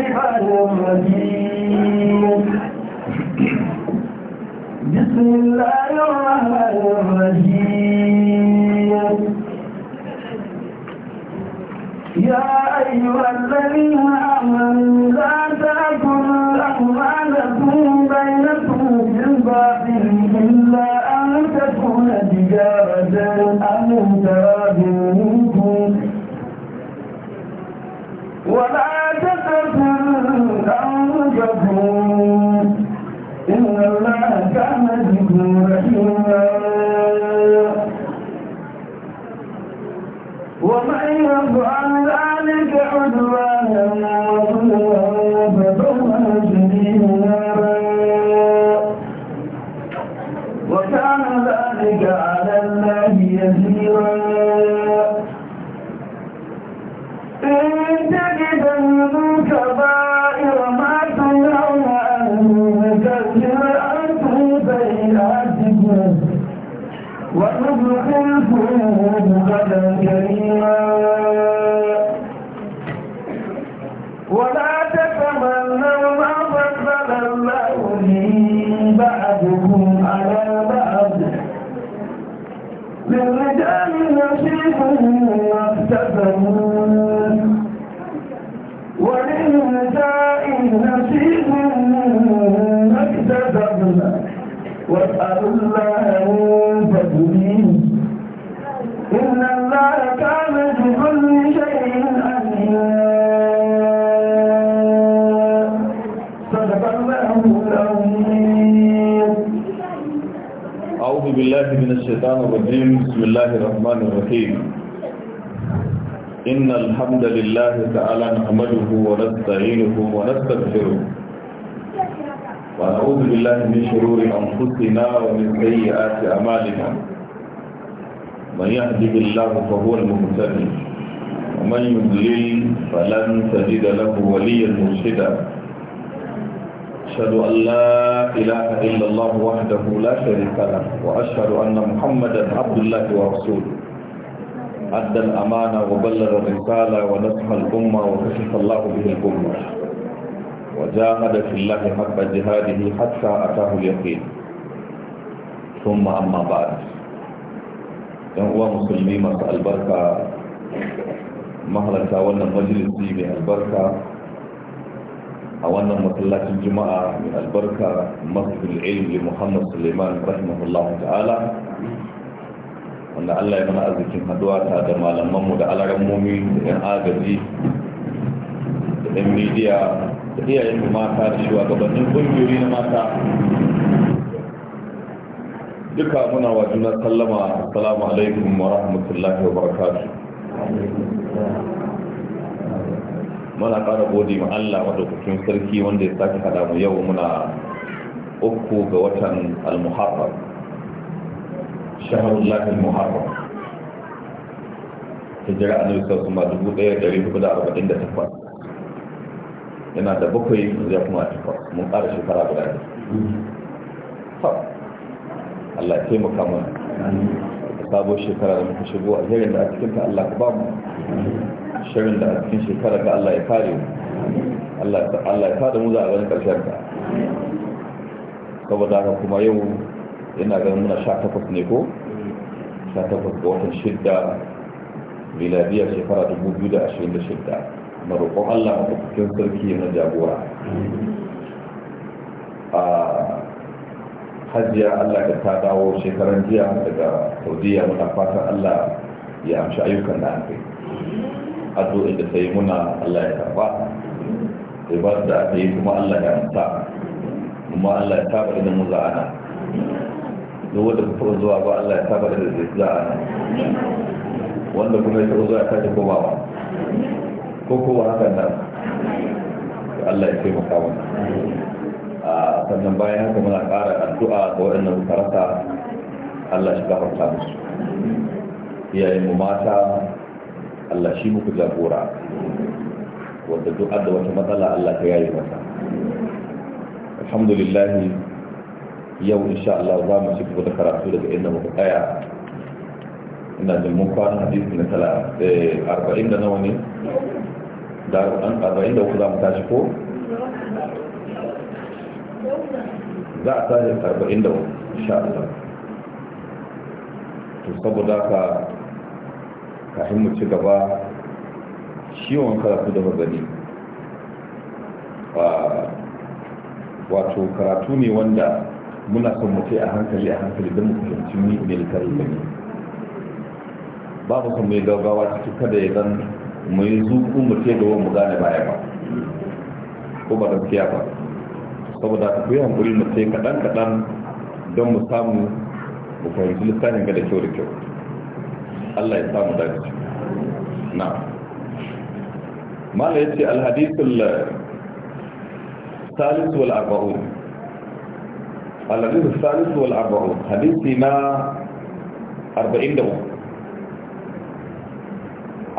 بسم الله الرحمن الرحيم يا أيها الذين آمنوا لا تأكلوا ومن يفعل أعوذ بالله من الشيطان الرجيم بسم الله الرحمن الرحيم إن الحمد لله تعالى نحمده ونستعينه ونستغفره ونعوذ بالله من شرور أنفسنا ومن سيئات أعمالنا من يهده الله فهو المهتدي ومن يضلل فلن تجد له وليا مرشدا وأشهد أن لا إله إلا الله وحده لا شريك له وأشهد أن محمدا عبد الله ورسوله أدى الأمانة وبلغ الرسالة ونصح الأمة وكشف الله به الأمة وجاهد في الله حق جهاده حتى أتاه اليقين ثم أما بعد هو مسلمين مسأل البركة مهلا تاولنا مجلسي بها البركة a wannan masallacin juma'a mai albarka masjidul ilm li muhammad suleiman rahimahullahu ta'ala wanda allah ya mana arzikin haduwa ta da malamanmu da alarammomi da yan agaji da yan midiya da iyayen mata da shugabannin kungiyoyi na mata duka muna wa juna sallama assalamu alaikum wa rahmatullahi wa barakatuh muna ƙara gode ma Allah madaukakin sarki wanda ya sake hada mu yau muna uku ga watan al-muharram shaharul lahi al-muharram hijira annabi da arba'in da takwas. yana da bakwai zai kuma takwas mun ƙara shekara guda ne Allah ya taimaka mana sabon shekara da muka shigo a zirin da a cikinta Allah ku ba mu shirin da a cikin shekarar da Allah ya kare Allah ya kada mu za a ganin karshen ka saboda haka kuma yau yana ganin muna sha takwas ne ko sha takwas ga watan shidda miladiyar shekara dubu biyu da ashirin da shidda na roƙon Allah a cikin sarki na jagora a hajiya Allah ka ta dawo shekaran jiya daga saudiya muna fatan Allah ya amshi ayyukan da an kai addu'in da ta yi muna Allah ya karba su da aka yi kuma Allah ya amsa kuma Allah ya taba idan mu za'ana duk wanda ku taɓa zuwa ba Allah ya taba idan zai za'ana wanda kuma ya taɓa zuwa ya tashi koma ba ko kowa haka nan Allah ya taimaka mana a sannan bayan haka muna ƙara addu'a ga waɗannan makaranta Allah shi gafarta musu iyayen mu mata Allah shi muku jagora wanda duk adda wata matsala Allah ta yayi mata alhamdulillah yau insha Allah za mu ci gaba da karatu daga inda muka tsaya ina da mun fara hadisi na tala eh arba'in da nawa ne da arba'in da kuma ta shi ko za ta yi arba'in da insha Allah to saboda ka kafin mu ci gaba ciwon karatu da magani ah, wato karatu ne wanda muna son mutai a hankali a hankali don mutunci ne littarin gani babu kuma ya gaggawa cikin kada ya zan mai zuku mutai da wani gane baya ba ko ba gaskiya ba saboda ta kuyi hankuri mutai kaɗan-kaɗan don mu samu mu fahimci littafin ga da kyau da kyau Allah ya samu dace na mala yace alhadithul salis wal arba'un alhadithul salis wal arba'un hadisi na 43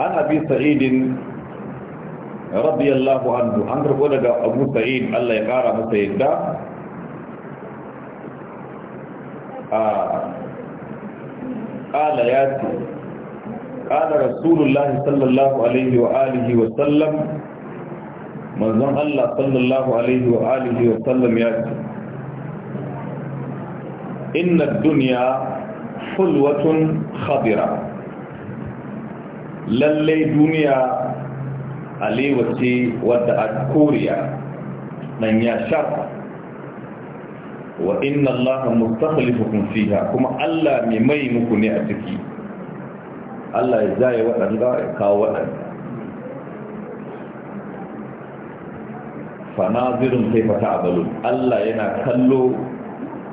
an abi sa'id radiyallahu anhu an karbo daga abu sa'id Allah ya kara masa yadda a قال ياتي قال رسول الله صلى الله عليه وآله وسلم منظم الله صلى الله عليه وآله وسلم يأتي إن الدنيا حلوة خضرة للي دنيا عليوة ودعت كوريا من يشر وإن الله مستخلفكم فيها كما ألا مميمكم يأتكي Allah ya jaye waɗanda ya kawo waɗanda fanazirin kai fata a balon Allah yana kallo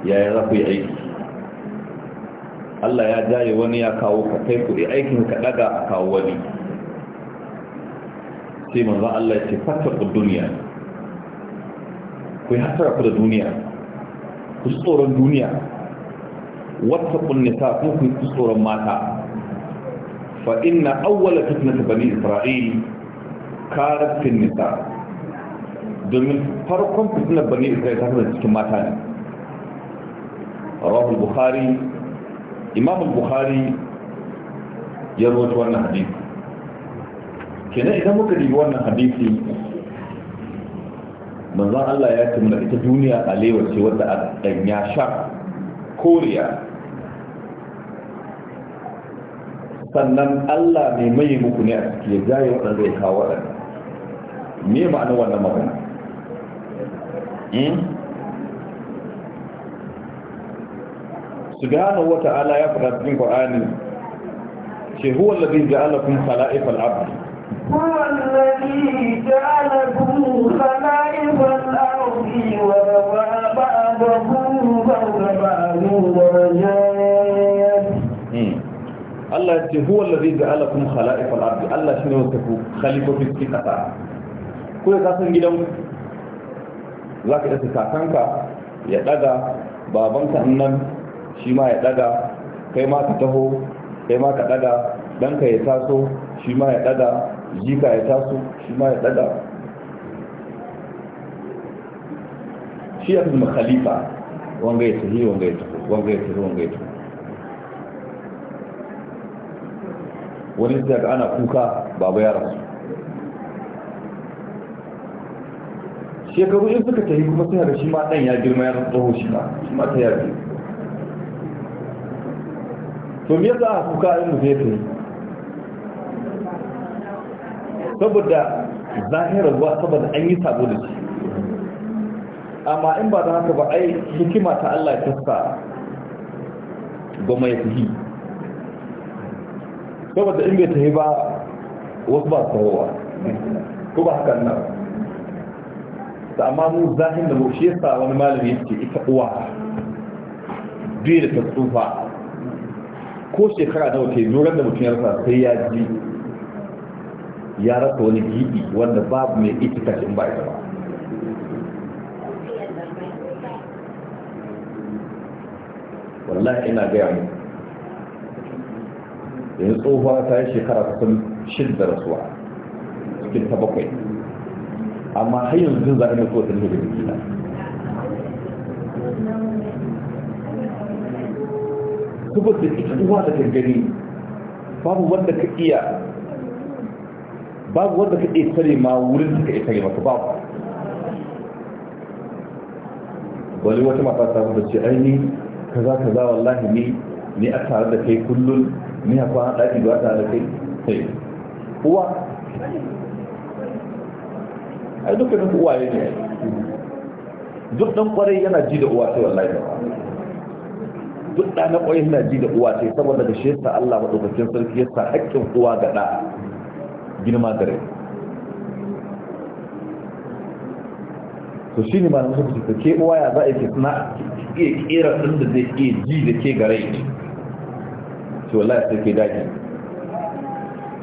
yayin za ku aiki Allah ya jaye wani ya kawo ka kai kuɗi aikin ka ɗaga a kawo wani sai manzan Allah ya ce fatar da duniya ku yi hasara ku da duniya ku tsoron duniya wata kuma ku ku tsoron mata فإن أول فتنة بني إسرائيل كانت في النساء ضمن فرق فتنة بني إسرائيل كانت في ثاني رواه البخاري إمام البخاري يروي لنا حديث كنا إذا ممكن يروانا حديثي من ظن الله يأتي من الدنيا عليه وسيوة الأنياشا كوريا sannan Allah ne mai muku ne a ciki ya jaye waɗanda ya kawo waɗanda me ma'anar wannan magana hmm? subhanahu wata'ala ya faɗa cikin Qur'ani ce huwa allazi ja'alakum khala'ifal ard huwa Allah ya ce huwa allazi ja'ala kum khala'ifa al-ardi Allah shine wanda ku khalifofi cikin kasa ko ya kasan gidan zaka dace kakanka ya daga babanka nan shi ma ya daga kai ma ka taho kai ma ka daga danka ya taso shi ma ya daga jika ya taso shi ma ya daga shi ya fi khalifa wanga ya tafi wanga ya tafi wanga ya tafi wanga ya tafi wani sai ana kuka babu ya rasu shekaru in suka tafi kuma suna da shi ma ɗan ya girma ya tsoho shi ma shi ma ta yaji to me yasa kuka in mu ta tafi saboda zahirar ruwa saboda an yi sabo da shi amma in ba da haka ba ai hikima ta Allah ya tafsa goma ya fi saboda in bai tafi ba wasu ba su hawa ko ba hakan nan da amma mu zahin da mu shi yasa wani malami yake ita uwa biyu da ta tsufa ko shekara nawa ke doron da mutum ya rasa sai ya ji ya rasa wani gibi wanda babu mai ita kashin bai ba wallahi ina gaya muku yin tsohuwa ta yi shekara kusan shidda rasuwa cikin ta bakwai amma har yanzu zan zaɓi na kowa ta nufi da jikina saboda ita uwa da gangani babu wanda ka iya babu wanda ka iya tare ma wurin da ka iya tare masu babu wani wata mata ta ce aini ka za wallahi ni ni a tare da kai kullum ni a daki ɗaki ba ta da kai sai uwa ai duk duk uwa yake ne duk ɗan ƙwarai yana ji da uwa sai wallahi ba duk ɗa na ƙwarai yana ji da uwa sai saboda da shi yasa Allah maɗaukakin sarki yasa hakkin uwa ga da girma da rai to shi ne malamin suka ce ke uwa ya za a ke suna iya ƙera ɗin da zai iya ji da ke ga rai ce wallahi sai kai daki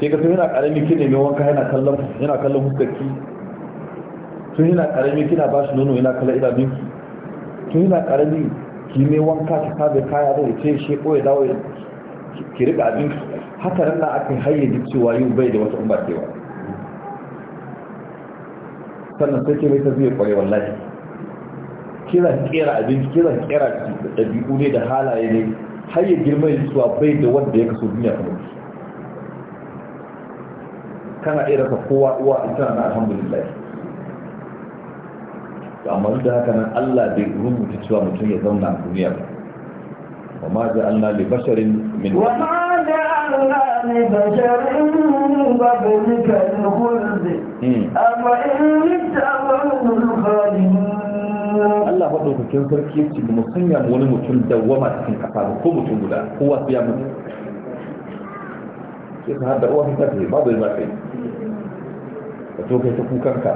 sai ka yana karami kina mai wanka yana kallon yana kallon huskarki tun yana karami kina ba shi nono yana kallon idanun ki tun yana karami ki mai wanka ki kabe kaya da ce shi ko ya dawo ki rika abin haka nan da aka hayyaji cewa yau bai da wata umar cewa sannan sai ke mai ta zuwa kwaye wallahi kira kera abin kira kera ɗabi'u ne da halaye ne har ya girma ya zuwa bai da wanda ya kaso duniya kamar su kana iya rasa kowa uwa a tana na alhamdulillah to amma duk da haka nan Allah bai rubuta cewa mutum ya zauna a duniya ba wa ma Allah li basharin min wa ma ja'alna li basharin bablika al-khuld hmm. amma in ta'awul khalidin Allah maɗaukakin sarki ce mu sanya mu wani mutum dawwama cikin kafa da ko mutum guda kowa su ya mutu ke ka hada uwa ta ce babu yadda kai ka to kai ta kukanka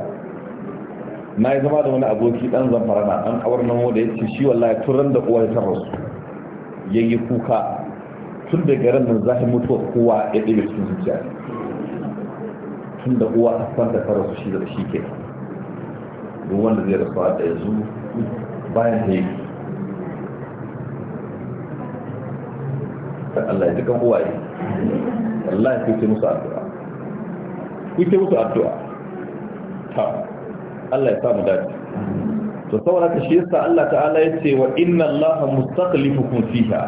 na yi zama da wani aboki ɗan zamfara na ɗan awar nan wanda ya ce shi wallahi turan da uwa ya tarra su ya yi kuka tun da garin nan ta mutuwa kowa ya ɗebe cikin zuciya tun da uwa ta fanta tarra su shi da shi kenan duk wanda zai rasu a yanzu bayan ta yi ta Allah ya duka buwaye Allah ya kuce musu addu'a kuce musu addu'a ta Allah ya samu dace to saboda ka shi yasa Allah ta'ala ya ce wa inna Allah mustaqlifukum fiha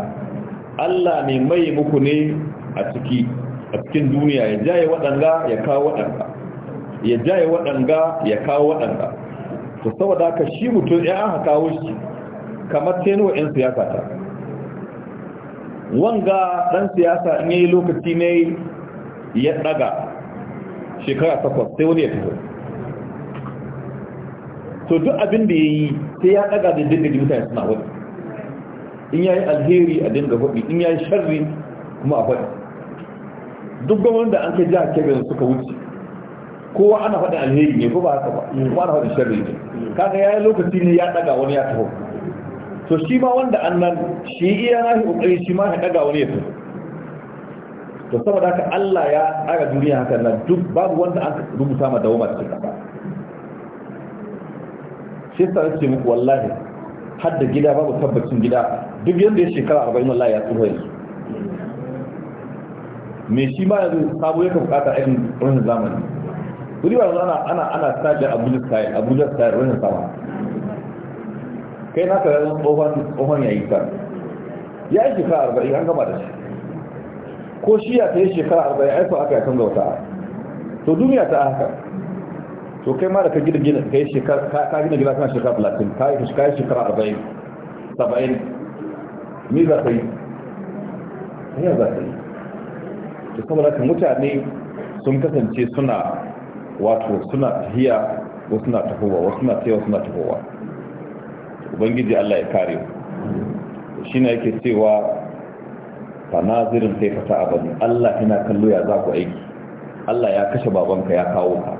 Allah ne mai muku ne a ciki a cikin duniya ya jaye waɗanga ya kawo waɗanga ya jaye waɗanga ya kawo waɗanga to saboda ka shi mutum ya aka kawo shi kamar tenuwa 'yan siyasa ta wanga ɗan siyasa in yi lokaci ne ya daga shekara takwas sai wani ya fito to duk abin da ya yi sai ya daga da dinga ya suna wani in ya yi alheri a dinga hudu in ya yi sharri kuma a hudu duk gwamnan da an kai jihar kebe suka wuce kowa ana faɗin alheri ne ko ba haka ba mm. kuma ana faɗin sharri ne kaga yayi lokaci ne ya daga wani ya taho to shi ma wanda annan shi iya shi kokari shi ma ya daga wani ya taho to saboda haka Allah ya aga duniya haka nan duk babu wanda an rubuta ma dawoma ta ba shi yasa ce muku wallahi har da gida babu tabbacin gida duk yanda ya shekara 40 wallahi ya tsoho yanzu me shi ma yanzu sabo yake bukata irin wannan zamani kuri ba ana ana ana sajin abuja style abuja style rashin sama kai naka yanzu tsohon tsohon yi ta ya yi shekara arba'in an gama da shi ko shi ya ta yi shekara arba'in aiko aka yi canza wata to duniya ta haka to kai ma da ka gina gina ka yi shekara ka gina gina kan shekara talatin ka yi shekara arba'in saba'in me za ka yi ya za ka yi to saboda ka mutane sun kasance suna wato suna tahiya wasu na tahowa wasu na tahiya wasu na tahowa ubangiji Allah ya kare mu shi ne yake cewa ta nazirin sai fata abadi Allah yana kallo ya za ku aiki Allah ya kashe babanka ya kawo ka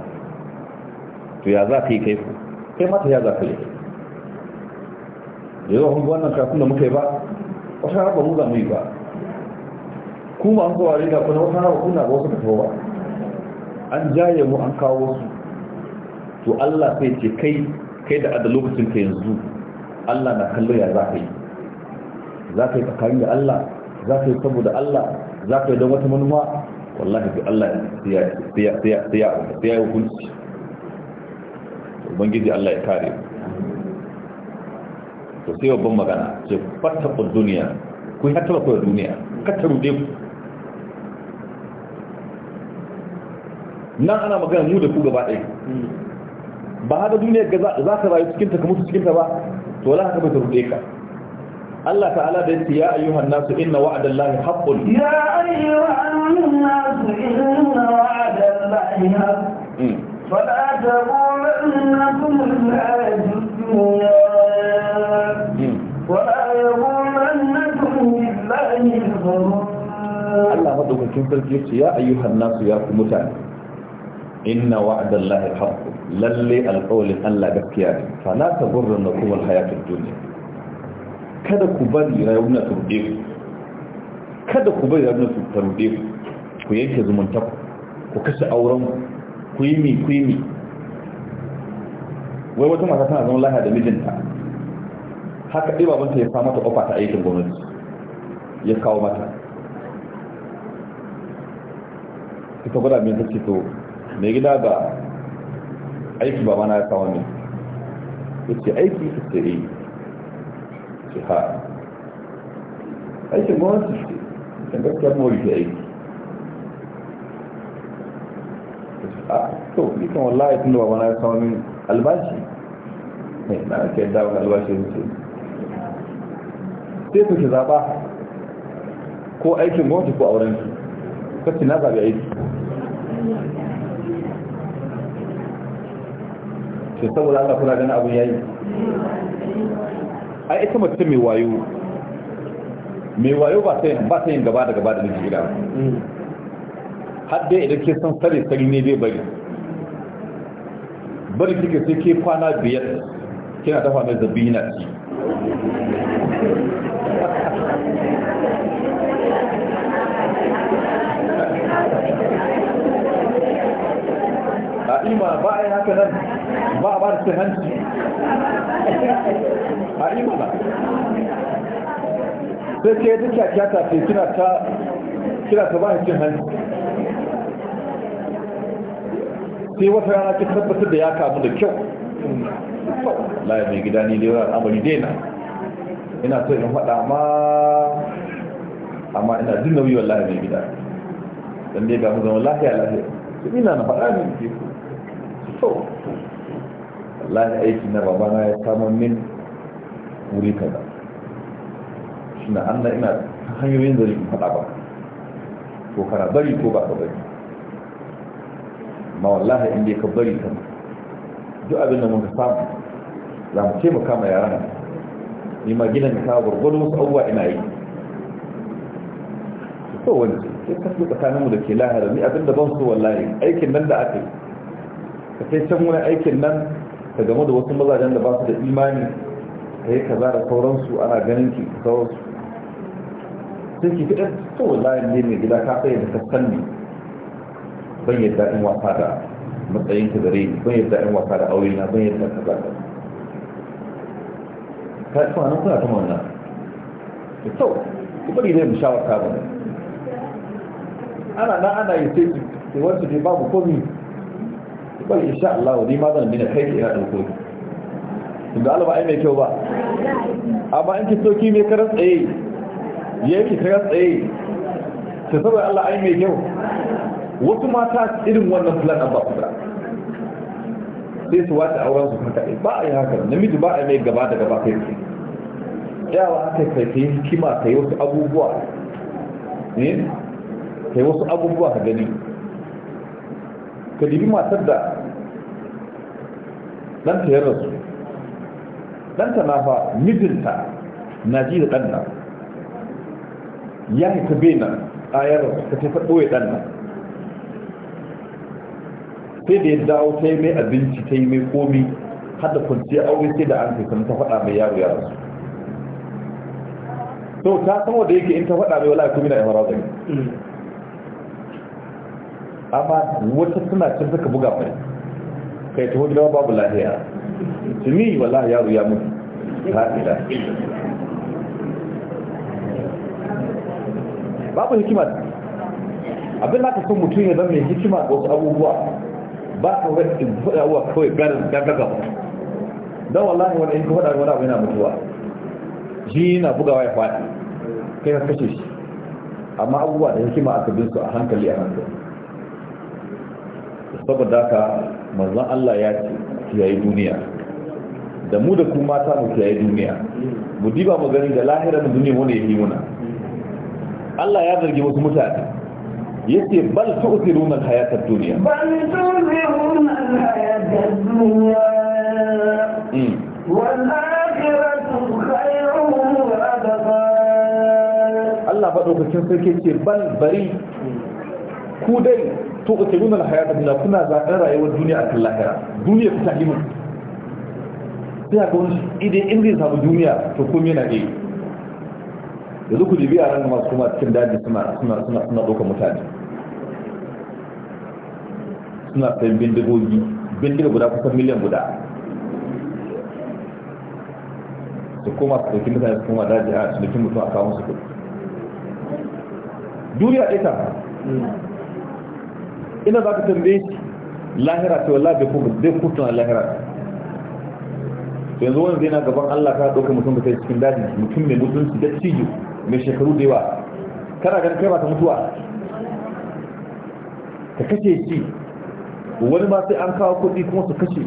to ya za ka yi kai kai mata ya za ka yi da yawan wannan kafin da muka yi ba wata harba mu za mu yi ba kuma an kowa ga kuna wata harba kuna ba wasu tafowa an jaye mu an kawo su to Allah sai ce kai kai da adda lokacin ka yanzu Allah na kallo ya za ka yi za ka yi tsakanin da Allah za ka yi saboda Allah za ka yi don wata manuwa wallahi ga Allah sai ya hukunci ubangiji Allah ya kare to sai babban magana ce ku duniya ku yi hatta ku duniya ka taru ku nan ana magana mu da ku gaba ɗaya ba haka duniyar ga za ka rayu cikinta ka mutu cikinta ba to wala haka bai ta ruɗe ka Allah ta'ala da yake ya ayyuhan nasu inna wa'adallahi haqqun ya ayyuhan nasu inna wa'adallahi haqqun hmm. fala taqulannakum al-ajrun hmm. wala yaqulannakum billahi al-ghurur Allah madaukakin sarki yace ya ayyuhan nasu ya ku mutane inna wa'adallahi haqq lalle alqawli Allah gaskiya ne fa la taghurrannakum alhayatud dunya kada ku bari rayuwar turbe ku kada ku bari rayuwar turbe ku ku yanke zumunta ku kashe auren ku yi mi ku yi mi wai wata mata tana zama lahiya da mijinta haka dai babanta ya samu ta ofa ta aikin gwamnati ya kawo mata ita gwada mai ta ce to mai gida ga aiki ba mana ya kawo ne ce aiki ta eh. yi ce ha aikin gwamnati ce ah, kan gaskiyar mawai da aiki a to ikan wallahi tun da ba mana ya kawo ne albashi ne eh, na ake yadda wani albashi ya ce sai ku ki zaɓa ko aikin gwamnati ko aurenki kacce na zaɓi aiki to saboda Allah kuna ganin abu yayi ai ita mace mai wayo mai wayo ba ta ba sai yin gaba da gaba da miji gida mm. har idan ke san sare sare ne bai bari bari kike sai ke kwana biyar kina dafa mai zabina ci ima ba a yi haka nan ba a ba da cin hanci a ima ba sai ce duk kyakkyata ce kina ta kina ta ba cin hanci sai wata rana ki tabbatar da ya kamu da kyau laye mai gida ni lera al'amari daina ina so in faɗa ma amma ina jin nauyi wallahi mai gida dan dai ga mu zama lafiya lafiya ina na faɗa ne ke ku to wallahi aiki na babana ya samu min wuri kaza shi na an ina ta hanyoyin da rikin faɗa ba ko kana bari ko ba ka bari ma wallahi in dai ka bari kan duk abin da muka samu za mu taimaka ma yaran ni ma gina ka gurgudu wasu abubuwa ina yi so wani sai kasu tsakaninmu da ke lahara ni abin da ban so wallahi aikin nan da aka yi ka kai can wani aikin nan ka gamu da wasu mazajen da ba su da imani ka yi za da sauransu ana ganin ki sauransu sai ki fitar to layin ne mai gida ka tsaye da ka sanni ban yadda in wasa da matsayin ka gare ni ban yadda in wasa da aure na ban yadda ka da ka tsawa nan kuna ta mawana da kyau ku bari zai mu sha ba ana na ana yi sai ki wasu ne babu komi bari insha Allah ni ma zan dina kai ina dauko ki da alba ai mai kyau ba amma in ki ki mai karas tsaye yayi ki karas tsaye ta saboda Allah ai mai kyau wasu mata irin wannan plan ba su da sai su wata auren su haka ba a yi haka namiji ba a mai gaba da gaba kai kai yawa haka kai kai hikima kai wasu abubuwa ne eh? kai wasu abubuwa ka gani ka dibi matar da Danta ya rasu danta na fa mijinta na ji da ɗanta ya haifa bena a ya rasu ta tafi ɓoye ɗanta sai da ya dawo ta yi mai abinci ta yi mai komi hada a aure sai da an kai ta faɗa mai yaro ya rasu to ta san wanda yake in ta faɗa mai wala kuma na ihara zai mm. amma wata suna cin suka buga mai kai ta hudu babu lahiya Su tuni wallahi yaro ya mutu haɗila babu hikima abin haka sun son mutum ya zama mai hikima ga wasu abubuwa ba ka wani abubuwa kawai garin gaggaga don wallahi wani in kuma faɗa wani abu yana mutuwa shi yana bugawa ya faɗi kai ka kashe shi amma abubuwa da hikima a bin su a hankali a hankali saboda haka manzon Allah ya ce kiyaye duniya da mu da kuma ta mu kiyaye duniya mu diba mu gani da lahira da duniya wani ya yi muna Allah ya zargi wasu mutane yace bal tu'thiruna al-hayata ad-dunya bal tu'thiruna al-hayata ad-dunya hmm. wal akhiratu khayrun wa abqa Allah fado kacin sarki ce bal bari ku dai to ku tabuna da hayata duniya kuna zaɓen rayuwar duniya a kan lahira duniya ku ta iman sai haka wani idan in zai samu duniya to kuma yana ɗaya da ku jibi a ran masu kuma cikin daji suna suna suna suna ɗaukar mutane suna sayan bindigogi bindiga guda kusan miliyan guda su koma su ɗauki mutane su koma daji a cikin mutum a kawo su kuɗi duniya ɗaya ta ina za ka tambaye shi lahira ta wallah bai kuma zai kuta na lahira yanzu wani zai na gaban Allah ka ɗauka mutum da kai cikin daji mutum mai mutunci da cijo mai shekaru da yawa kana ganin kai ba ta mutuwa ka kashe shi wani ma sai an kawo kuɗi kuma su kashe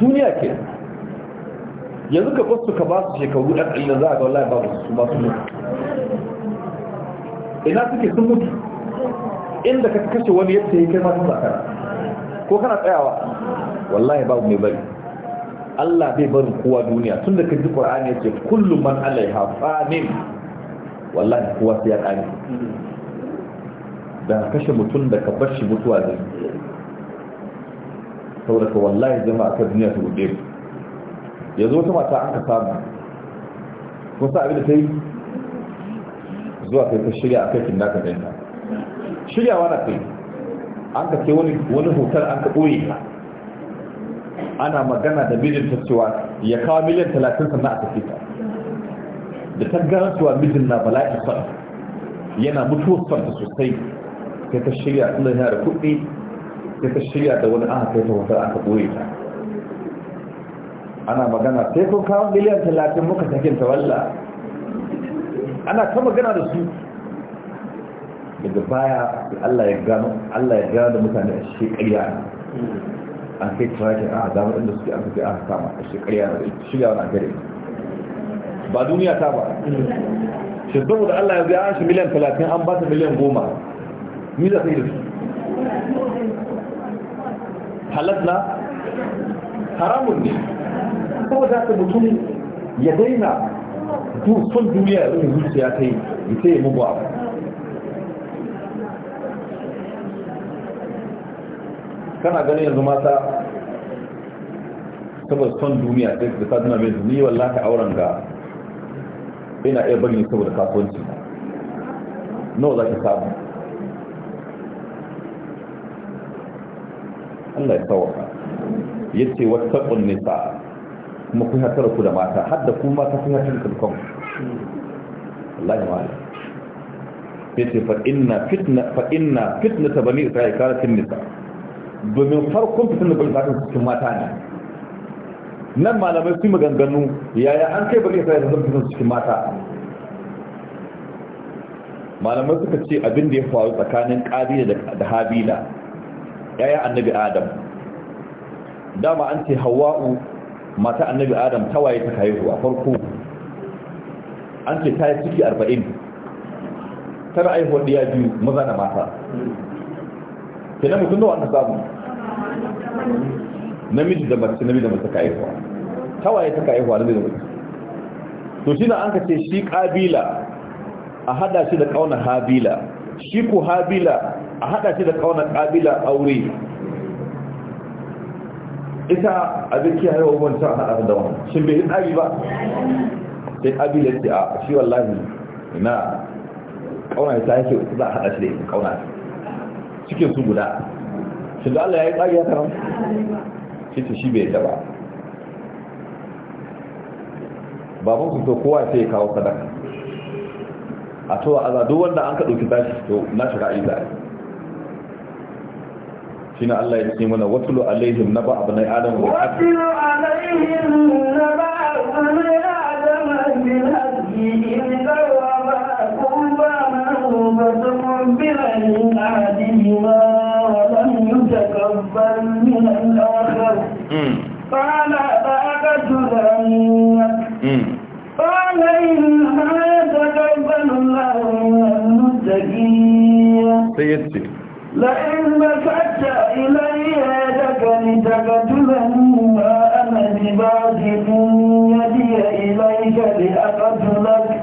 duniya ke yanzu ka su ka ba su shekaru ɗan ɗan za a ga wallahi ba su ba su mutu ina suke sun mutu inda ka kashe wani yadda ya kai masu zakara ko kana tsayawa wallahi babu mai bari Allah bai barin kowa duniya tun da ka ji Qur'ani yake kullum man alaiha fanin wallahi kowa sai ya kare da kashe mutum da ka bar shi mutuwa zai saboda ka wallahi zama kan duniya su gube ku yanzu wata mata an ka samu kun sa abin da ta yi zuwa kai ta shirya a kai kin ka ɗinka shiryawa na kai an ka ce wani hotar an ka ɓoye ka ana magana da mijinta cewa ya kawo miliyan talatin sannan a tafi ta da ta gano cewa mijin na bala'i son yana mutuwar son ta sosai sai ta shirya tunda yana da kuɗi sai ta shirya da wani aka kai ta hotar an ka ɓoye ta ana magana sai kun kawo miliyan talatin muka sakin ta walla ana ta magana da su daga baya Allah ya gano Allah ya gano mutane a shi ƙarya an kai tirakin a azamar inda suke an kai a sama a shi ƙarya da shirya wani gare ba duniya ta ba shi saboda Allah ya biya an shi miliyan talatin an ba ta miliyan goma ni za ta yi da su halatna haramun ne saboda ta mutum ya daina son duniya ya zuciya ta yi ya ce ya mugu abu kana ganin yanzu mata saboda son duniya sai da ta suna mai zuni wallahi auren ga ina iya bari saboda kasuwanci nawa za ki samu Allah ya tsawaka ya ce wata taɓin nisa kuma kun hatar ku da mata har da kuma ta kun hatar da kanku Allah ya wani ya ce fa'inna fitna ta bani isra'i cin nisa domin farkon fitar da bari sa'in cikin mata ne nan malamai su maganganu yaya an kai bari da zan fitar cikin mata malamai suka ce abin da ya faru tsakanin kabila da habila yaya annabi adam dama an ce hawa'u mata annabi adam ta waye ta a farko an ce ta yi ciki arba'in tana aihuwar ɗiya biyu maza da mata kenan mutum da wannan sabu namiji da mace namiji da mace ka haihuwa tawaye ta kai haihuwa namiji da mace to shi na an kace ce shi kabila a hada shi da kauna habila shi ku habila a hada shi da kauna kabila aure ita abin ki haihuwa wancan a hada da wani shi bai tsari ba sai kabila ce a shi wallahi na kauna ta yake za a hada shi da ita kauna ta cikin su guda shi da Allah ya yi tsari ya karam cikin shi bai daba baban su to kowa sai ya kawo sadaka a towa a duk wanda an ka dauki tashi to na shiga aiza shi na Allah ya ce mana watulu alaihim abu na adam wa watulu alaihim abu na adam wa haqi من أحدهما ولم يتقبل من الآخر قال أقتلنك قال إنما يتكبر الله من المتقين سيدتي لئن بسطت إلي يدك لتقتلني ما أنا بباسط يدي إليك لأقتلك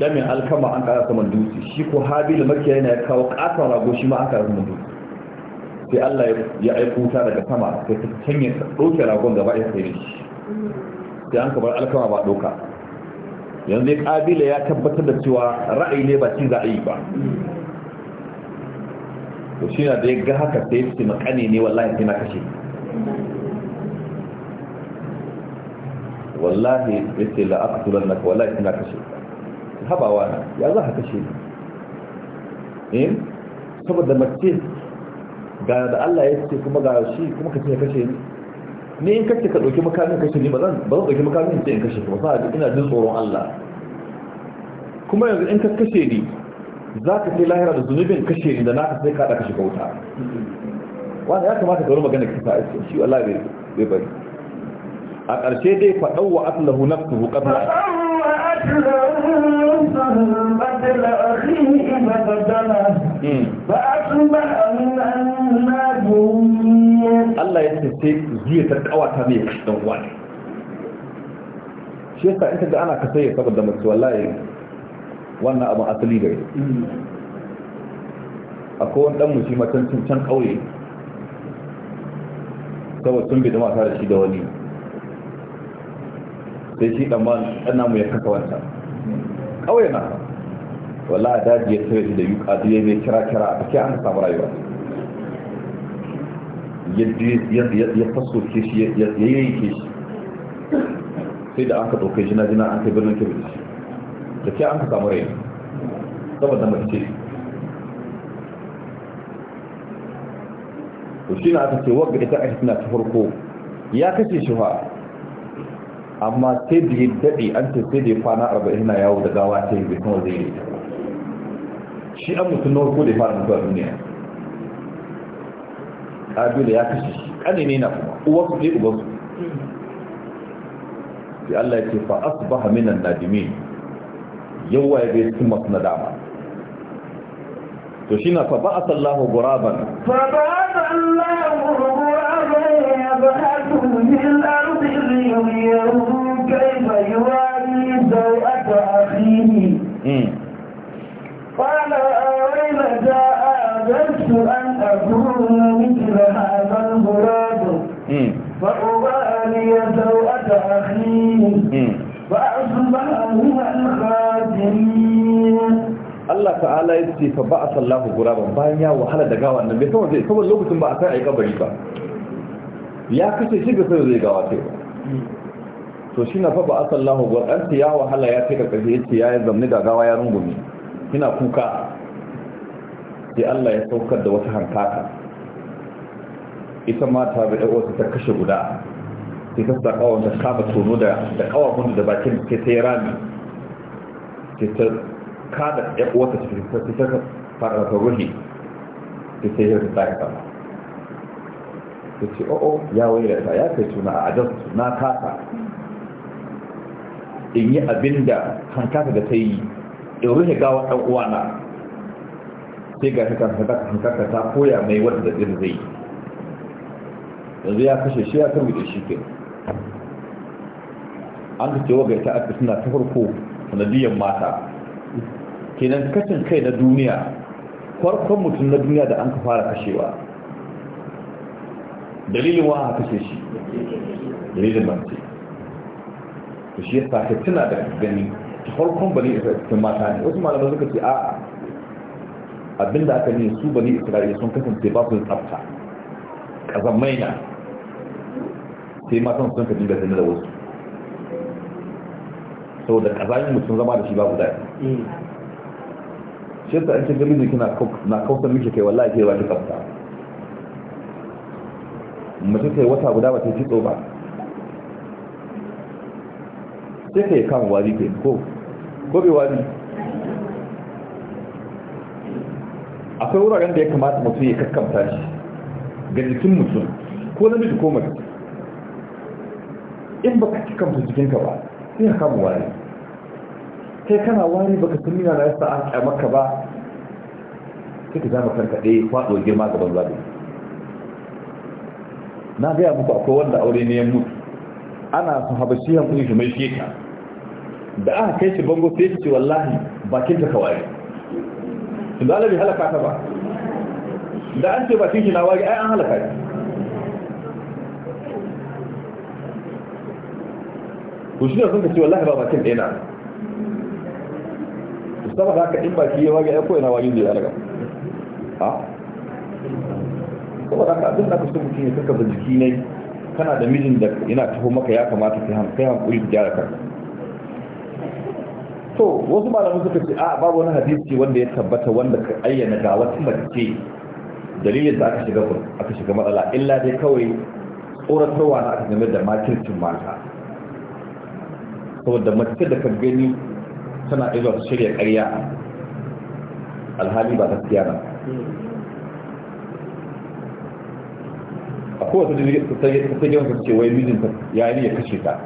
damin alkama an kara saman dutse shi ko habilu makiya yana ya kawo katon rago shi ma an kara saman dutse sai Allah ya aiko ta daga sama sai ta canye ta ɗauke ragon gaba ya sai shi sai an kabar alkama ba ɗauka yanzu ya ƙabila ya tabbatar da cewa ra'ayi ne ba cin za'ayi ba to shi na da ya ga haka sai ya ce makane ne wallahi sai na kashe wallahi ya ce la'aƙasulan naka wallahi sai na kashe habawa na ya za ka kashe ni in eh? saboda mace ga da Allah ya ce kuma ga shi kuma ka ce kashe ni ni in kace ka dauki makamin kashe ni ba zan ba zan dauki makamin sai in kashe ka ba ina jin tsoron Allah kuma yanzu in ka kashe ni za ka ce lahira da zunubin kashe ni da na ka sai ka da kashe ka wuta wanda ya kamata ka wani magana kisa a shi Allah bai bari a ƙarshe dai faɗau wa atlahu nafsuhu qatla Hmm. Allah ya ce sai jiya ta kawata mai shi yasa ita da ana kasai saboda mace wallahi wannan abin asali A dan mushi matan can ƙauye saboda sun bi da da shi da wani sai shi ɗan ɗan namu ya kasa wancan kawai na wala daji ya tare da yi ƙadu ya mai kira kira a cikin an samu rayuwa yadda ya faso ke shi ya yi ke shi sai da an ka ɗauka shi na jina an kai birnin kebe shi da ke an ka samu rai saboda ce to shi na aka ce wadda ita ake na ta farko ya kashe shi fa amma sai da yi daɗe an ce sai da ya kwana arba'in na yawo da gawa ta yi kuma zai yi shi an mutum na farko da ya fara mutuwa duniya ƙabila ya kashe shi ƙane ne na kuma uwarsu ɗaya uwarsu sai Allah ya ce fa asbaha minan nadimin yawa ya bai cikin masu nadama to shi na fa ba a sallahu guraban fa ba a sallahu guraban ya ba a tunin Hmm. Hmm. Hmm. Allah ta'ala ya ce fa ba a sallahu guraban bayan ya wahala da gawa nan bai zai saboda lokacin ba a san a yi kabari ba ya kashe shi ga sai zai gawa ce to shi na faɓa asallahu gwarɗanta ya wahala ya ce karkashe ya ce ya yi zamni da gawa ya rungumi Kina kuka sai Allah ya saukar da wata hankaka ita mata bai ɗago ta kashe guda sai ta sa kawon ta kama tono da kawon hundu da bakin sai ta yi rami sai ta kada ya uwata ta fara ta ruhi sai ta yi ta ta sama ta ce o'o oh, oh, ya wailata ya kai suna a adastu na kasa in yi abin da hankasa da ta yi in rufe gawa ɗan uwana sai ga shi hankasa ta koya mai wata da zai zai yanzu ya kashe shi ya karbuɗe shi ke an ta ce waga a aka suna ta farko sanadiyyar mata kenan kashin kai na duniya farkon mutum na duniya da an ka fara kashewa dalilin wa haka ce shi dalilin mace to shi yasa ka tuna da gani ta farkon bani isra'ila mata ne wasu malamai suka ce a abinda aka ne su bani isra'ila sun kasance ba su tsafta kazamai na sai matan sun ka da zane da wasu saboda kazanin mutum zama da shi ba guda mm. shi yasa an ce gami kina na kautar miki kai wallahi ke ba ki tsafta mace ta yi wata guda ba ta yi ba sai ka yi kama wari ke ko ko bai wari akwai wuraren da ya kamata mutu ya kakkamta shi ga jikin mutum ko namiji ko mace in ka kakkamta jikinka ba sai ka kama wari kai kana wari baka san nuna na yasa an kyamaka ba sai ka zama kanka ɗaya faɗo girma gaban zaɓe. na gaya muku akwai wanda aure ne ya mutu ana su habashi hankuli shi mai sheka da aka kai shi bango sai ce wallahi bakin ta kawai su da alabi halaka ta ba da an ce bakin shi na wage ai an halaka ne ku shi ne sun ka ce wallahi ba bakin ɗaya na saboda haka in baki ya wage ya koyi na wage zai halaka saboda haka abin da ka so mutum ya saka jiki ne kana da mijin da yana taho maka ya kamata kai hankali hankali da gyara kanka to wasu malamai suka ce a babu wani hadisi wanda ya tabbata wanda ka ayyana ga wata mace dalilin da aka shiga aka shiga matsala illa dai kawai tsoratarwa na aka game da makircin mata saboda mace da ka gani tana iya shirya ƙarya alhali ba ta siyana a kowace jirgin ta sage wata ce wai mijinta ya yi ya kashe ta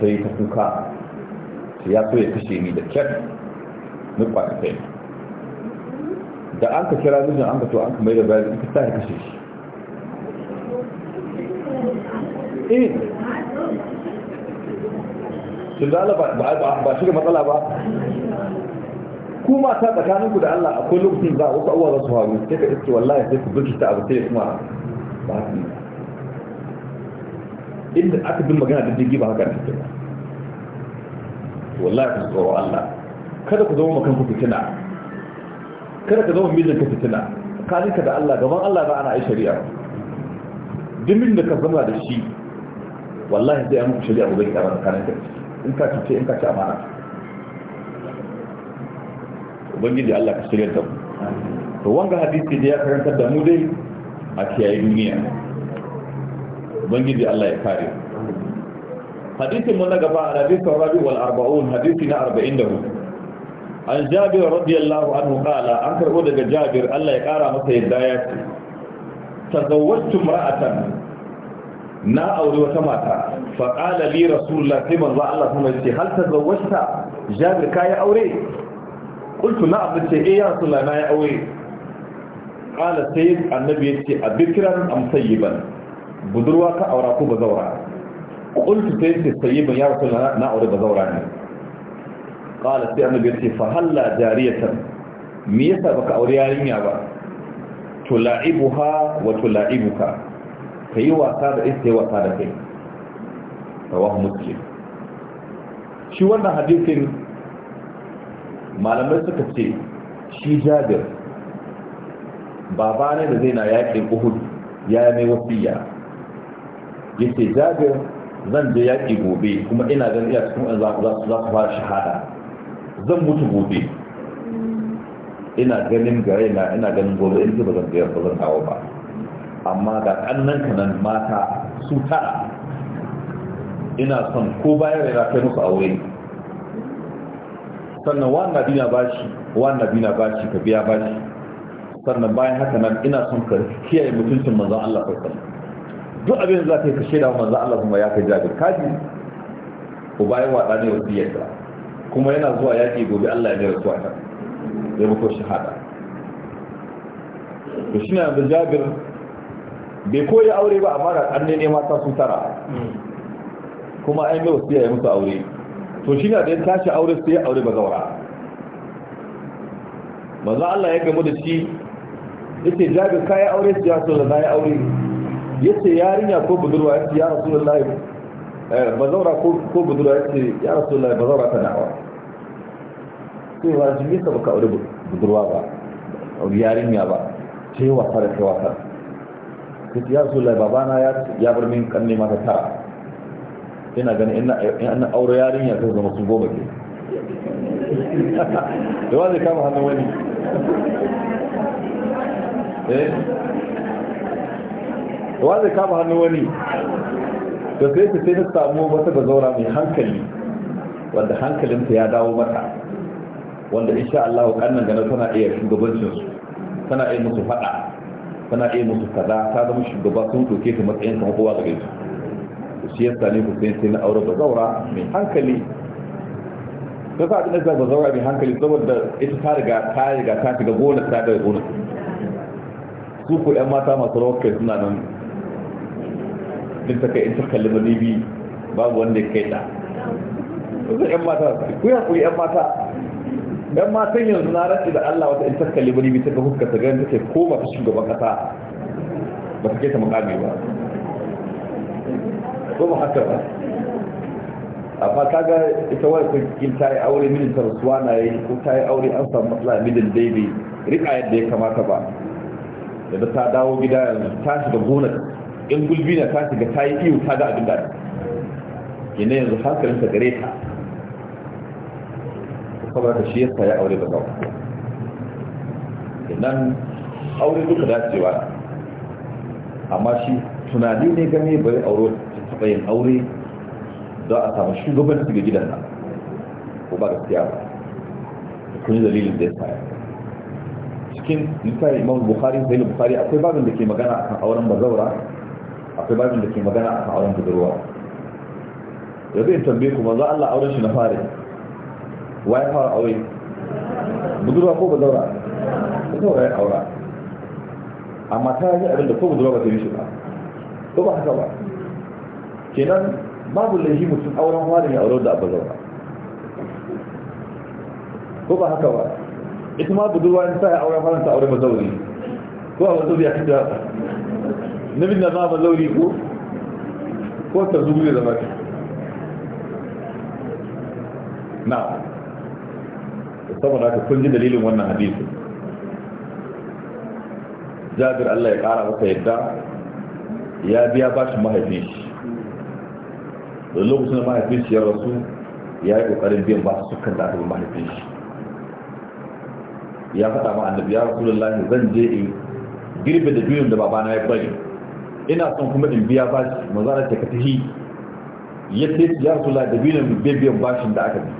ta yi ta kuka ya so ya kashe ni da kyar na kwaɗi kai da an ka kira mijin an ka to an ka mai da bayan ita ta ya kashe shi eh shi da ba shi da matsala ba ku mata tsakaninku da Allah akwai lokacin za a wasu abubuwa za su faru sai ka iske wallahi sai ku birkita abu sai kuma ba su inda aka bin magana da jirgi ba haka take ba wallahi ku tsoro Allah kada ku zama makan ku fitina kada ka zama mijin ka fitina tsakaninka da Allah gaban Allah ba ana yi shari'a duk mijin da ka zama da shi wallahi sai an muku shari'a ba zai kara tsakaninka in ka cuce in ka ci amana ubangiji Allah ka shirya da mu to wanga hadisi da ya karanta da mu dai a kiyaye duniya ubangiji Allah ya kare Hadisi mu na gaba a hadisin rabi wal arba'un hadisi na da 44 an jabir radiyallahu anhu qala an karbo daga jabir Allah ya kara masa yadda ya ce tazawwajtu ra'atan, na aure wata mata fa qala li rasulullah sai manzo Allah kuma yace hal tazawwajta jabir kai aure kultu na abin ce eh ya sula na ya aure kala sai annabi ya ce a bikiran am sayyiban budurwa ka aura ko bazaura kultu sai ce sayyiban ya sula na aure bazaura ne kala sai annabi ya ce fa halla jariyatan me yasa baka aure yarinya ba tula'ibuha wa tula'ibuka kai wasa da ita wasa da kai rawahu shi wannan hadisin malamai suka ce shi jabir baba da zai na yaƙin uhud ya mai wasiya ya ce jabir zan je yaƙi gobe kuma ina zan iya cikin za su fara shahada zan mutu gobe ina ganin gare na ina ganin gobe in ji ba zan biyar ba zan hawa ba amma ga kannan kanan mata su tara ina son ko bayan yana kai musu aure sannan wanda nabi na bashi wanda nabi na bashi ka biya bashi sannan bayan haka nan ina son ka kiyaye mutuncin manzon Allah sai sallallahu duk abin da za yi ka shaida manzon Allah kuma ya kai jabir kaji ko bayan wada ne wasiyar da kuma yana zuwa yaki gobe Allah ya jira zuwa ta ya muku shahada to shi ne da jabir bai koyi aure ba amma da anne ne mata sun tara hmm. kuma ai mai wasiya ya musu aure to shi na da ya tashi aure sai ya aure bazawara maza Allah ya gamu da shi yace jaga kai aure sai ya so da nayi aure yace yarinya ko budurwa yace ya rasulullahi bazawara ko ko budurwa yace ya rasulullahi bazawara ta da'awa sai wa shi yasa baka aure budurwa ba aure yarinya ba ce wasa da ce wasa kace ya rasulullahi babana ya ya bar min kanne ta tara ina ganin ina auro yarinya sai zama sun goma ke da wa zai kama hannun wani eh da wa zai kama hannun wani da sai ta sai ta samu wata da zaura mai hankali wanda hankalinta ya dawo mata wanda insha Allah nan gana tana iya shugabancinsu tana iya musu fada tana iya musu kaza ta zama shugaba sun doke ta matsayin kan kowa gare gaisu. shi yasa ne ku sai na aure ba zaura mai hankali ta sa abin da ba zaura mai hankali saboda ita ta riga ta riga ta shiga gona ta daga gona su ku yan mata masu rawar kai suna nan din ta kai in ta kalli mani manibi babu wanda ya kai ta su yan mata ku ya ku yan mata yan matan yanzu na rashi da Allah wata in ta kalli mani manibi ta ga huska ta ganin ta ce koma ta shugaban kasa ba ta kai ta mukami ba kuma ba haka ba amma ga ita wani kwakin ta yi aure minin tarasuwa na yi ko ta yi aure an samu matsala midin daidai rika yadda ya kamata ba yadda ta dawo gida yanzu ta shiga gonar in gulbi na ta shiga ta yi iyo ta ga abin da yana yanzu ta gare ta kuma ta shi yasa ya aure da ba nan aure duka dacewa amma shi tunani ne game bai aure taɓa yin aure don a samu shugaban su ga gidan nan ko ba da gaskiya ba kun yi dalilin da ya sa cikin littafin imam bukhari sai da bukhari akwai babin da ke magana akan auren bazaura akwai babin da ke magana akan auren budurwa yanzu in tambaye ku manzo Allah auren shi na fare wa ya fara aure budurwa ko bazaura bazaura ya aura amma ta yi abin da ko budurwa ba ta yi shi ba ko ba haka ba kenan babu laifi mutum auren wani ya auren da abu zauna ko ba haka ba ita ma budurwa in sa ya auren wani ta auren mazauri ko a mazauri ya fita nabin da ma mazauri ko ko ta zubu ya zama ta na saboda haka kun ji dalilin wannan hadisi jabir Allah ya kara maka yadda ya biya bashin mahaifin shi don lokacin da mahaifin shi ya rasu ya yi kokarin biyan ba su sukan da aka bi mahaifin shi ya fata ma annabi ya rasu lahi zan je in girbe da biyun da babana ya bari ina son kuma in biya bashi manzana ta katihi ya ce ya rasu lallahi da biyun bai biyan bashin da aka bi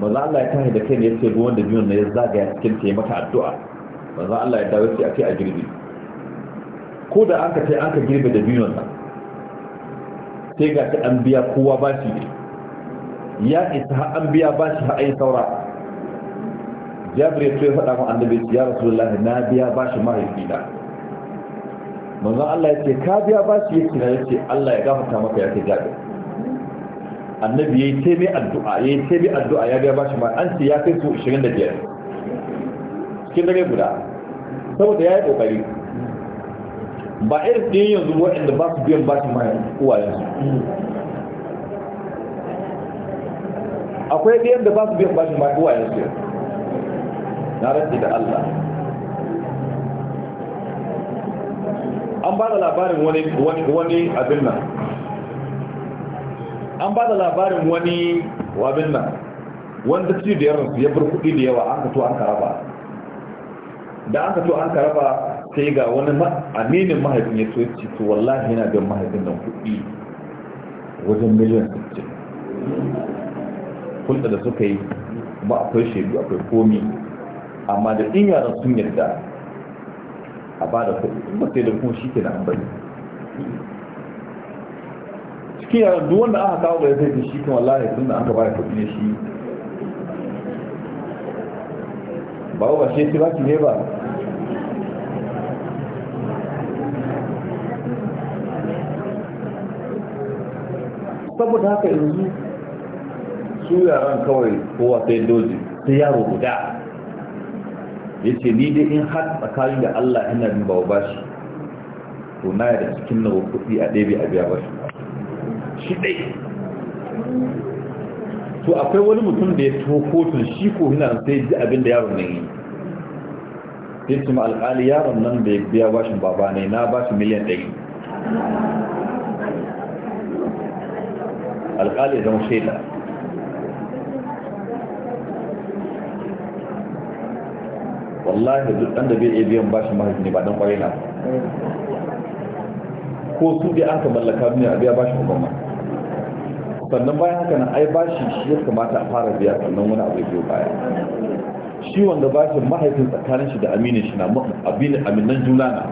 Maza Allah ya tahi da kai ne ya ce ruwan wanda biyun na ya zagaya cikin ta yi mata addu'a manzan Allah ya dawo ce a kai a girbe ko da an ka ce an ka girbe da biyun nan sai ga ta an biya kowa ba shi ne ya isa ha an biya ba shi ha ayi saura jabir ya tuya faɗa mu annabi ya rasulullahi na biya ba shi mahaifi da manzon Allah ya ce ka biya ba shi yake na ya ce Allah ya gafarta maka ya ce jabir annabi ya yi mai addu'a ya yi mai addu'a ya biya ba shi ma an ce ya kai su 25 cikin dare guda saboda ya yi kokari ba irin ɗin yanzu waɗanda ba su biyan bashin mayan uwayensu akwai ɗin da ba su biyan bashin mayan su na rasu da Allah an ba da labarin wani abin nan an ba da labarin wani abin nan wanda ci da yaransu ya bar kuɗi da yawa an ka to an karaba da an ka to an karaba sai ga wani aminin mahaifin ya so ci to wallahi yana bin mahaifin don kuɗi wajen miliyan 60 hulɗa da suka yi kuma akwai shaidu akwai komi amma da ɗin yaran sun yarda a ba da kuɗi in ba sai da kuma shi ke na ambali cikin yaran duk wanda aka kawo ya zai shi kuma, wallahi sun da aka ba da kuɗi ne shi ba ba shi ya ba ki ne ba saboda haka yanzu su yaran kawai kowa sai doji ta yaro guda ya ce ni dai in har tsakanin da Allah ina bin ba bashi to na yada cikin na kuɗi a ɗaya a biya ba shi ɗai to akwai wani mutum da ya to kotun shi ko hina sai ji abin da yaron nan yi sai su ma alƙali yaron nan da ya biya bashin baba ne na bashi miliyan ɗari alƙali zama shaida wallahi duk ɗan da bai iya biyan bashin mahaifi ne ba don ƙwarina na ko su dai aka mallaka duniya a biya bashin obama sannan bayan haka nan ai bashi shi ya kamata a fara biya sannan wani abu biyu baya shi wanda bashin mahaifin tsakanin shi da aminin shi na aminan juna na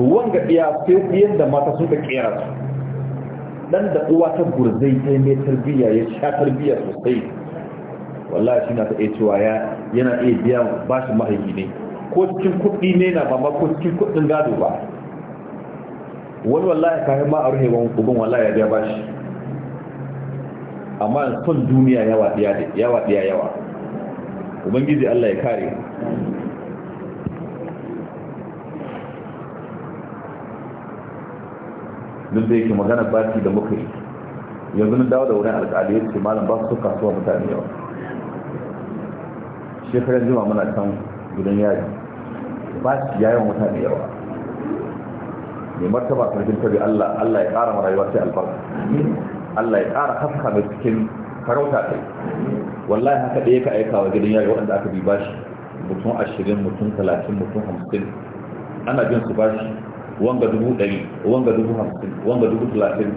to wanga ɗiya sai ɗiyan da mata sun ka ƙera su ɗan da uwa ta gurzai ta mai tarbiyya ya sha tarbiyya sosai wallahi shi na ta iya cewa yana iya biya ba shi mahaifi ne ko cikin kuɗi ne na ba ma ko cikin kuɗin gado ba wani wallahi kayan ma a rufe uban wallahi ya biya ba shi, amma son duniya yawa ɗiya yawa ubangiji Allah ya kare duk da yake magana baki da muka yi yanzu na dawo da wurin alƙali ya ce malam ba su kasuwa mutane yawa shekarar jima muna can gidan yari ba su yayin mutane yawa mai martaba sarkin tabi allah allah ya ƙara marayuwa sai albarka allah ya ƙara haska mai cikin farauta ɗai wallahi haka ɗaya ka aika wa gidan yari waɗanda aka bi bashi mutum ashirin mutum talatin mutum hamsin ana jin su bashi wanga dubu ɗari wanga dubu hamsin wanga dubu talatin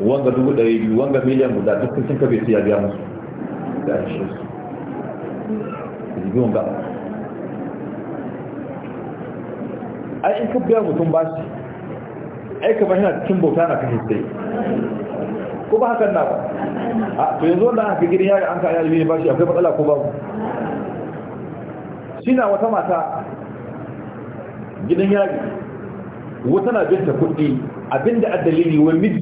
wanga dubu ɗari biyu wanga miliyan guda duk sun ka bai siya biya musu da a shi su jibi wanga ai in ka biya mutum ba shi ai ka bayyana cikin bauta na kashe sai ko ba hakan na ba a to yanzu wanda aka gidan yari an ka yari ne ba shi akwai matsala ko mu shi na wata mata gidan yari wata na binta kuɗi abinda a dalili wani miji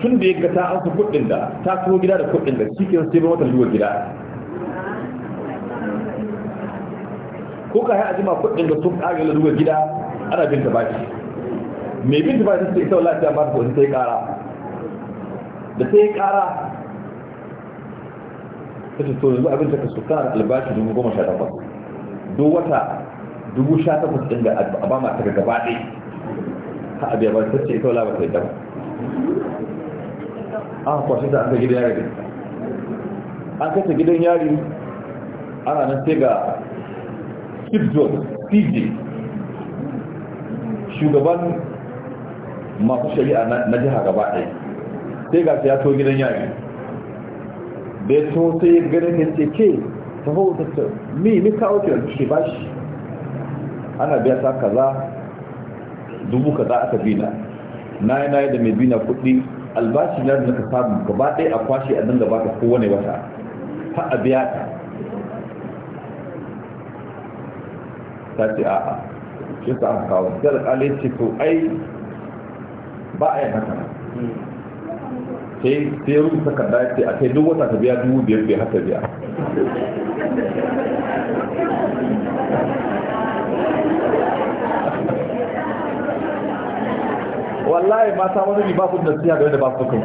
tun da ya ga ta an su kuɗin da ta kuma gida da kuɗin da cikin sai ba wata liwa gida ko ka yi ajima kuɗin da sun ƙagala liwa gida ana binta baki mai binta baki shi sai ita wallahi ta ba ta sai ƙara da sai ƙara ta ce to yanzu abinta ka kasu tana da albashi dubu goma sha takwas duk wata dubu sha takwas ɗin da a ta gaba ɗaya ta abiya ba ta ce ita wala ba ta yi ta aka kwashe ta aka gidan yari an kasa gidan yari ana nan sai ga steve jobs pj shugaban masu shari'a na jiha gaba ɗaya sai ga ya to gidan yari da ya to sai ganin ya ce ke ta hau ta ce mi ni kawo ke shi ba shi ana biya ta kaza dubu ka za aka bina na yi na yi da mai bina kudi albashi na da ka samu gaba ɗaya a kwashe a nan gaba ka kowane wata ta a biya ta ta ce a'a shi ta aka kawo sai alƙalai ce to ai ba a yi haka sai sai rubuta takarda ya ce a kai duk wata ka biya dubu biyar bai haka biya wallahi mata wani bi ba ku da siya da wanda ba su kai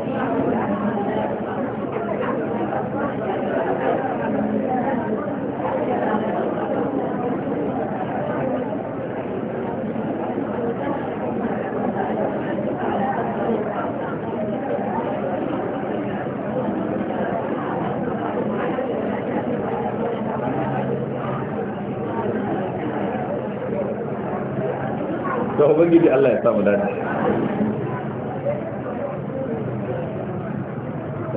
Allah ya samu dace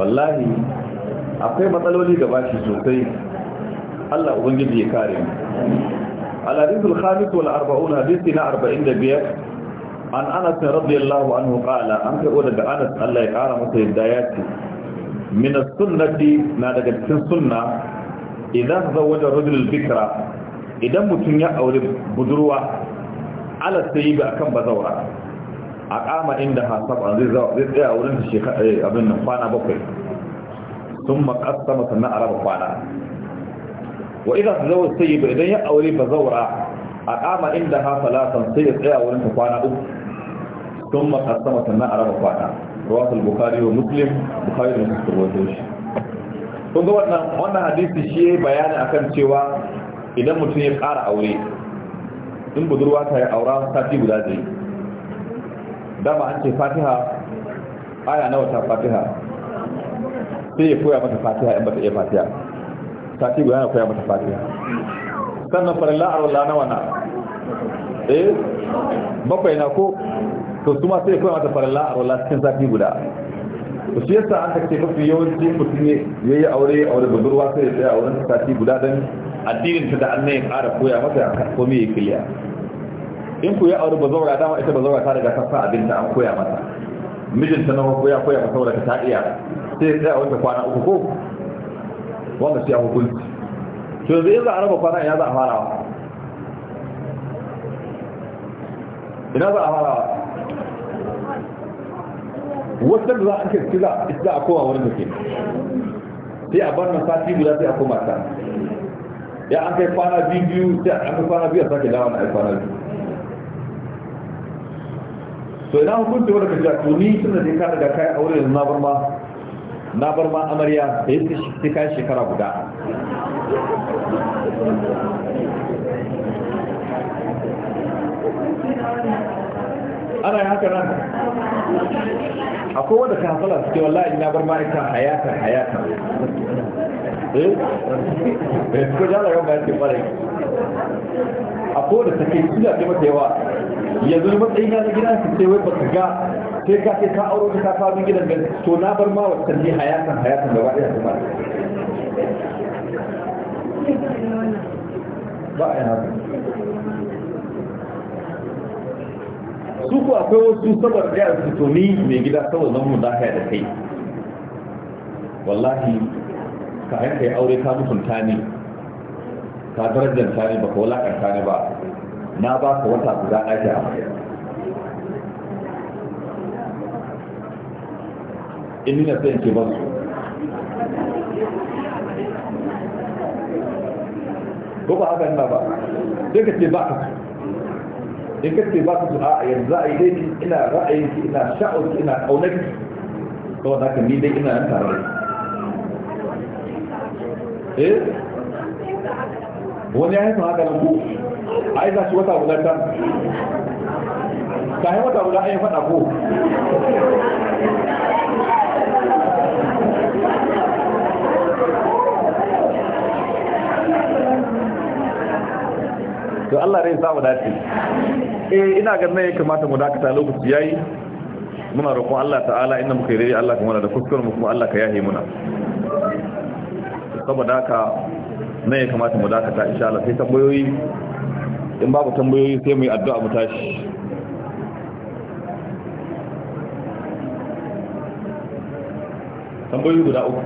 wallahi akwai matsaloli da bashi sosai Allah ubangiji ya kare mu al-hadith al-khamis wal 40 hadithi na 45 an Anas radiyallahu anhu qala an kai wanda da Anas Allah ya kara masa yadda ya ce min as-sunnati na daga cikin sunna idan zawaja rajul al-bikra idan mutun ya aure budurwa ala sayyibi akan bazawra aqama inda hasab an zai zai tsaya wurin shi eh, abin nan kwana bakwai sun makasama sannan a raba kwana wa idan su zaura sai idan ya aure ba zaura a kama inda ha salatan sai ya tsaya wurin ta kwana uku sun makasama sannan a kwana rawatul bukhari muslim bukhari da muslim rawatul shi kun wannan hadisi shi bayani akan cewa idan mutum ya ƙara aure in budurwa ta yi aura sati guda zai fatiha nawa ta fatiha sai ya koya mata fatiha in bata iya fatiha sati guda ya koya mata fatiha sannan farilla a wallah nawa na eh bakwai na ko to su ma sai ya koya mata farilla a wallah cikin sati guda to shi yasa an kace mafi yawanci mutum ne yayi aure aure budurwa sai ya tsaya wurin sati guda dan addinin ta da Allah ya fara koya mata ko me ya kiliya in ku ya aure bazawara dama ita bazawara ta daga kasa abinta an koya mata mijinta na farko ya koya mata wadda ta iya sai ya tsaya wata kwana uku ko wanda sai a hukunci to yanzu yanzu a raba kwana ina za a farawa ina za a farawa wasu da za a kai za a kowa wani mutum sai a bar na sati guda sai a koma ta ya an kai kwana biyu biyu sai an kai kwana biyu a sake dawa na kwana biyu to ina hukunci wadda ka ja to ni tun da dai ka daga kai aure yanzu na bar ma na bar ma amarya da yake kai shekara guda ana yi haka nan akwai wanda ka hasala suke wallahi na bar ma'aika hayata hayata eh ko jala yau ba ce bare akwai wanda take kula da mata yawa yanzu matsayin ya gina su sai wai ba ka ga Kai ka ce ka auro ka faru gidan gari to na bar ma wata ne hayatan hayatan gaba ɗaya kuma ba a haka su ku akwai wasu sabar da su to ni mai gida saboda zan mu zaka da kai wallahi ka yanka ya aure ka mutunta ni ka darajar ta ne baka wulakanta ni ba na ba ka wata guda ɗaki a اننا تنكي بصر هو هذا النبا ديك اتباعك ديك اتباعك رأيك آه، يعني رأي ديك إنا رأيك إنا شعر إنا قونك هو ذاك ميدي إنا أنت رأيك إيه هو نعيز هذا الوقوف عايزة شوة أولادة تهيوة أولادة أين فأنا أقول Allah rai mu dace eh ina ga nan ya kamata mu dakata lokaci yayi muna roƙon Allah ta'ala inna muka yi Allah kuma da kuskuren mu kuma Allah ka yahe muna saboda haka nan ya kamata mu dakata insha Allah sai tambayoyi in babu tambayoyi sai mu yi addu'a mu tashi tambayoyi guda uku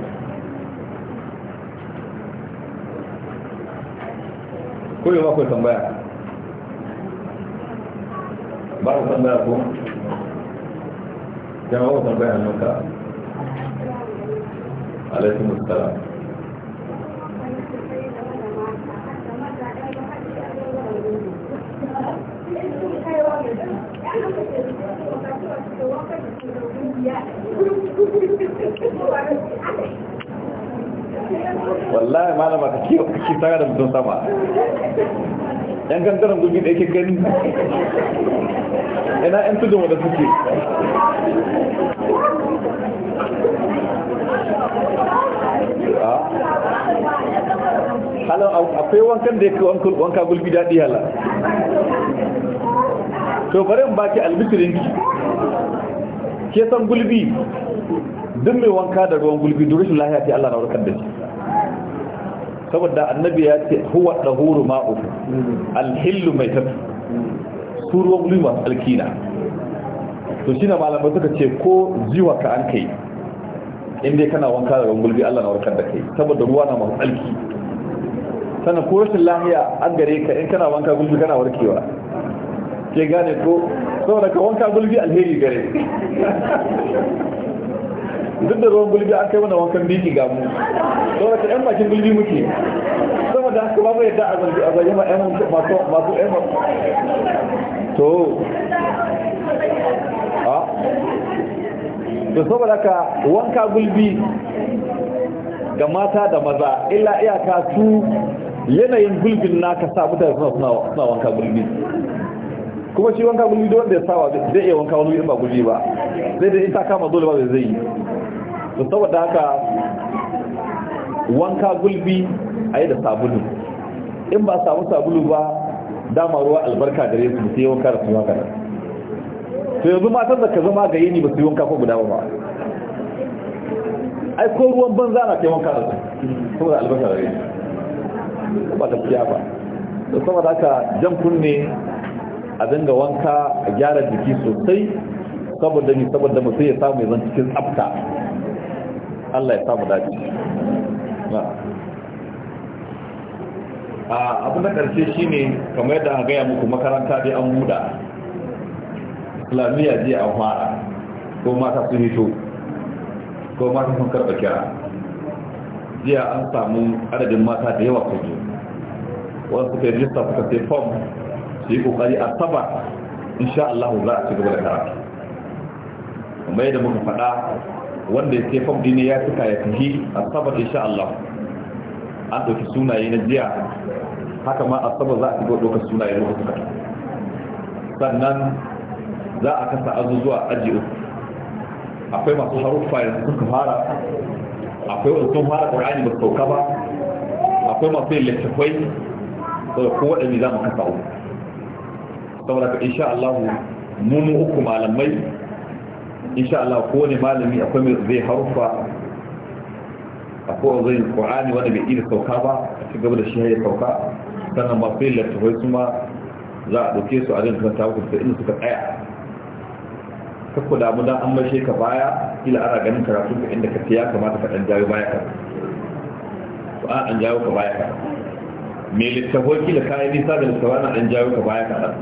ko yau ba tambaya ba ku tambaya ko jama'a ku tambaya hannunka alaikum assalam wallahi malama ka kiyo kake tsara da mutum sama yan kankanin gulbi da yake gani yana yan tudun wadda suke ah. halar akwai wankan da ya kai wanka gulbi daɗi hala, to bari in baki albishirin ki ke san gulbi duk mai wanka da ruwan gulbi duk rashin lahiya ta Allah na warkar da shi saboda annabi ya ce huwa dahuru ma'u alhillu mai tafi su ruwan gulmi masu alkina to shi na malamai suka ce ko ziwa ka an kai inda kana wanka daga gulbi allah na warkar da kai saboda ruwa na masu alki sannan ko rashin lahiya an gare ka in kana wanka gulbi kana warkewa ke gane ko saboda ka wanka gulbi alheri gare duk da ruwan gulbi an kai mana wankan biki ga mu saboda ta yan bakin gulbi muke saboda haka babu yadda a zargi a zargi ma'yan masu masu yan to a to saboda ka wanka gulbi ga mata da maza illa iyaka su yanayin gulbin naka sa mutane suna suna wanka gulbi kuma shi wanka gulbi da wanda ya sawa zai iya wanka wani ba gulbi ba sai da in ta kama dole ba zai yi to saboda haka wanka gulbi a yi da sabulu in ba samu sabulu ba dama ruwa albarka da gare su yi wanka da su haka to yanzu matan da ka zama ga yini ba su yi wanka ko guda ba ai ko ruwan banza na ke wanka da su saboda albarka da su ba fiya ba to saboda haka jan kunne a dinga wanka a gyara jiki sosai saboda ni saboda mutum ya samu ya zan cikin tsafta Allah ya samu dace a abu na karshe ne kamar yadda an gaya muku makaranta dai an buɗa islamiyya ji an fara ko mata sun hito ko mata sun karɓa kira jiya an samu adadin mata da yawa kudu yi wasu suka yi rijista suka sai fom su yi kokari a saba insha Allah za a ci gaba da karatu kuma yadda muka faɗa wanda ya ce fam ne ya cika ya tafi asabar insha Allah an ɗauki sunaye na jiya haka ma asabar za a shiga ɗaukar sunaye na ka sannan za a kasa azuzuwa aji uku akwai masu haruffa yanzu suka fara akwai wasu sun fara ƙur'ani ba sauka ba akwai masu yin littattafai saboda ko waɗanda za mu kasa uku saboda ka insha Allah mu mu uku malamai insha Allah ko ne malami akwai mai zai harfa akwai zai Qur'ani wanda bai iri sauka ba a ci gaba da shi ya sauka sannan ba sai lattafai kuma za a ɗauke su a rin kan tawo da inda suka tsaya kakko da mu dan an bashe ka baya kila ana ganin karatu ka inda ka tiya kamata ka dan jawo baya ka to an jawo ka baya ka me littafai kila kayan nisa da littafai na an jawo ka baya ka dan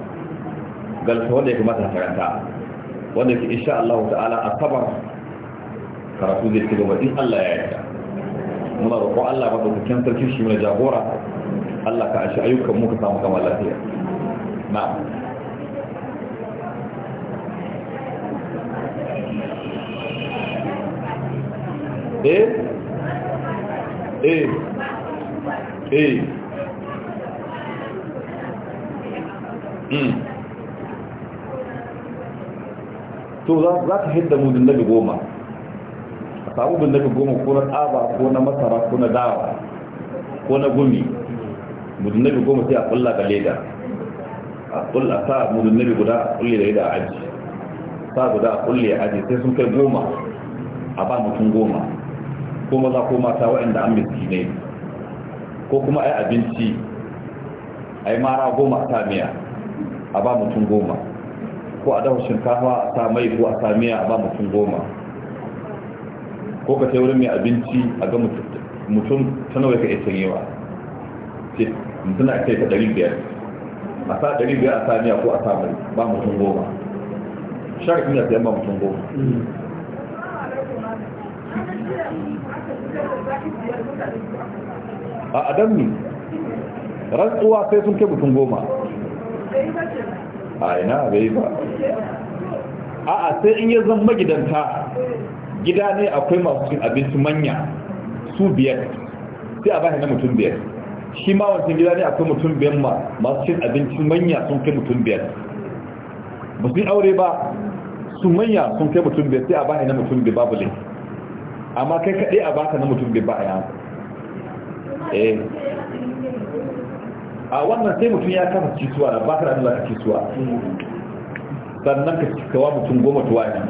galta wanda ya kamata ka karanta wanda ke insha Allah ta'ala a kabar karatu zai ci gaba in Allah ya yarda muna roƙo Allah ba da kyan sarki shi mai jagora Allah ka ashi ayyukan mu ka samu kamar lafiya na eh eh eh mm -hmm. to za ka hidda mu dinnabi goma a samu dinnabi goma ko na tsaba ko na masara ko na dawa ko na gumi mu dinnabi goma sai a kulla ga leda a kulla sa mu dinnabi guda a kulle da leda a aji sa guda a kulle a aji sai sun kai goma a ba mutum goma ko maza ko mata waɗanda an miski ne ko kuma ai abinci ai mara goma a miya a ba mutum goma ko a dafa shinkafa a sa mai ko a sa miya a ba mutum goma ko ka sai wurin mai abinci a ga mutum ta nawa ka isa yawa ce mutum a kai ta ɗari biyar a sa ɗari biyar a sa miya ko a sa mai ba mutum goma sharafin a sayan ba mutum goma a adam ne rantsuwa sai sun kai mutum goma a ina bai ba a'a sai in ya zama gidanta gida ne akwai masu cin abinci manya su biyar sai a bayan na mutum biyar shi ma wancan gida ne akwai mutum biyar ma masu cin abinci manya sun kai mutum biyar ba su yi aure ba su manya sun kai mutum biyar sai a bayan na mutum biyar babu laifi amma kai kaɗai a baka na mutum biyar ba a yanzu a wannan sai mutum ya kafa kisuwa da bakar Allah ka kisuwa, sannan ka cikawa mutum goma tuwa ne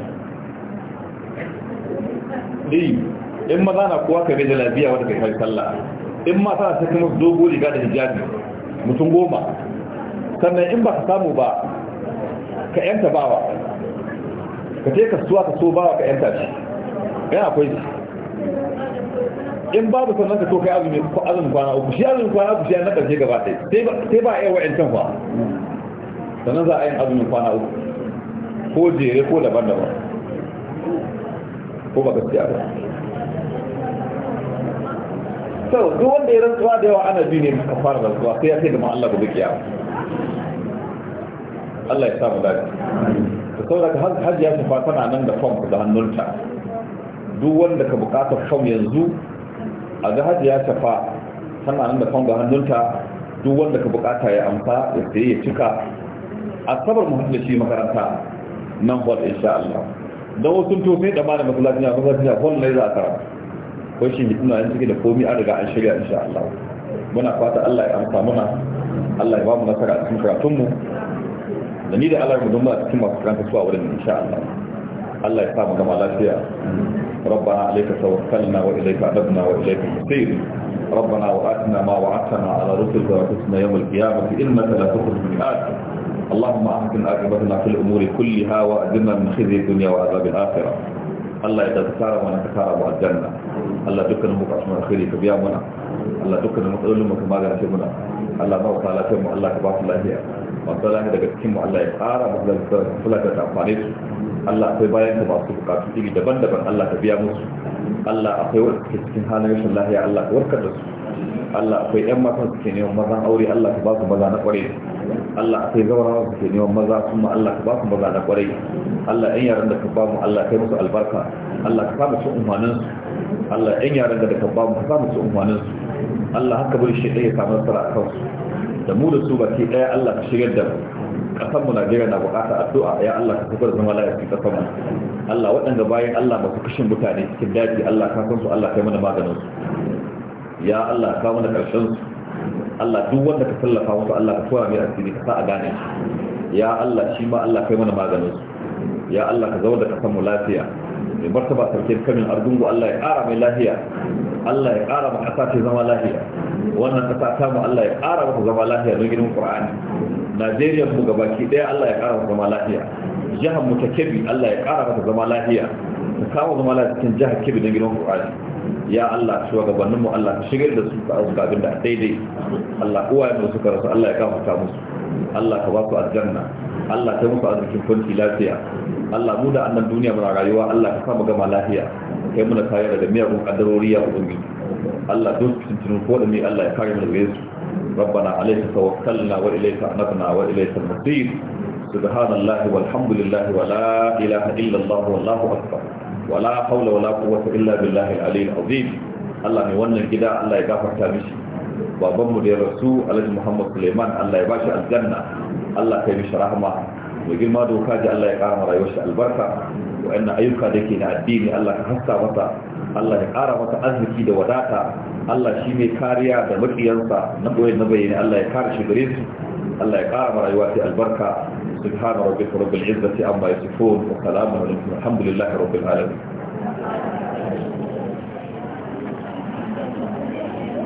ɗi in maza na kuwa ka da lafiya wadda kai kai sallah in ma mata sai kuma dogo riga da hijabi mutum goma sannan in ba ka samu ba ka yanta bawa ka je ka suwa ka so bawa ka yanta shi yana akwai in babu sannan ka so kai azumi ko azumin kwana uku shi azumin kwana uku shi na karshe gaba ɗaya sai ba a yi wa'ancan fa sannan za a yi azumin kwana uku ko jere ko daban-daban ko ba gaskiya ba sau duk wanda ya rantsuwa da yawa ana bi ne a fara rantsuwa sai ya kai gama Allah ba zukiya Allah ya samu dace ta sauraka hajji ya shafa tana nan da fom da hannunta duk wanda ka bukatar fom yanzu a ga hajiya tafa tana nan da kwanga hannunta duk wanda ka bukata ya amsa ya sai ya cika asabar mu hajji shi makaranta nan hol insha Allah don wasu tofe da ma da masallaci na masallaci na hol ne za ka ko shi mutum yin cikin da komai an riga an shirya insha Allah muna fata Allah ya amsa muna Allah ya ba mu nasara a cikin karatun mu da ni da Allah mu dumba cikin masu karanta suwa wurin insha Allah Allah ya sa mu gama lafiya ربنا عليك توكلنا وإليك أدبنا وإليك المصير ربنا وآتنا ما وعدتنا على رسلك وحسنا يوم القيامة إنك لا تخرج من آخر اللهم أهدنا أكبرنا في الأمور كلها وأدنا من خزي الدنيا وعذاب الآخرة الله يتذكر ونتكارب الجنة الله دكنا مقاسم الخير كبيامنا الله دكنا مقلوم كما جنسبنا الله موقع لكم الله كباس الله وانت الله دكتكم الله يقارب الله يتفلك تنفانيسه Allah akwai bayan ka su bukatu iri daban-daban Allah ka biya musu Allah akwai wanda cikin cikin halin rashin lahiya Allah ka warkar da su Allah akwai ƴan matan suke neman mazan aure Allah ka ba su maza na kwarai Allah akwai zawarawa suke neman maza ma Allah ka ba su maza na kwarai Allah ƴan yaran da ka ba mu Allah kai musu albarka Allah ka sa su umarnin Allah ƴan yaran da ka ba mu ka sa su umarnin Allah haka bari shi ɗaya samun sara a kansu da mu da su baki ɗaya Allah ka shigar da mu kasan mu Najeriya na bukata addu'a ya Allah ka tafi da zama lafiya kasan mu Allah waɗanda bayan Allah ba su kashin mutane cikin daji Allah ka san su Allah kai mana maganin su ya Allah ka mana karshen su Allah duk wanda ka tallafa musu Allah ka tura mai asiri ka sa a gane shi ya Allah shi ma Allah kai mana maganin su ya Allah ka zama da kasan mu lafiya mai martaba sarkin kamin arzungu Allah ya ƙara mai lafiya Allah ya ƙara ma ƙasa ce zama lafiya wannan kasa samu Allah ya ƙara mata zama lafiya don girman Qur'ani Najeriya mu gabaki ɗaya Allah ya ƙara mata zama lafiya jihar mu ta Kebbi Allah ya ƙara mata zama lafiya ta kama zama lafiya cikin jihar Kebbi don girman Qur'ani ya Allah shugabannin mu Allah shigar da su ka azuka abin da daidai Allah uwayen da suka rasu Allah ya gafarta musu Allah ka ba su aljanna Allah ta musu arzikin kwanci lafiya Allah mu da annan duniya muna rayuwa Allah ka sa mu gama lafiya kai muna kare da miyagun kaddarori ya ubangiji Allah duk tuntunin ko da mai Allah ya kare mu daga su rabbana alayka tawakkalna wa ilayka anabna wa ilayka al-masir subhanallahi walhamdulillahi wa la ilaha illa Allah wallahu akbar wa la hawla wa la quwwata illa billahi al-aliyyil azim Allah ne wannan gida Allah ya gafarta mishi baban mu da ya rasu Alhaji Muhammad Suleiman Allah ya bashi aljanna Allah kai mishi rahama mai girma doka ji Allah ya kara rayuwar shi albarka Wa wa'annan ayyuka da ke na addini Allah ka haska mata. Allah ya ƙara mata arziki da wadata Allah shi mai kariya da maƙiyarsa na ɓoye na bayyane, Allah ya kare shi gare su Allah ya ƙara rayuwa ta albarka subhana rabbika an izzati amma yasifun wa salamun alaikum alhamdulillahi rabbil alamin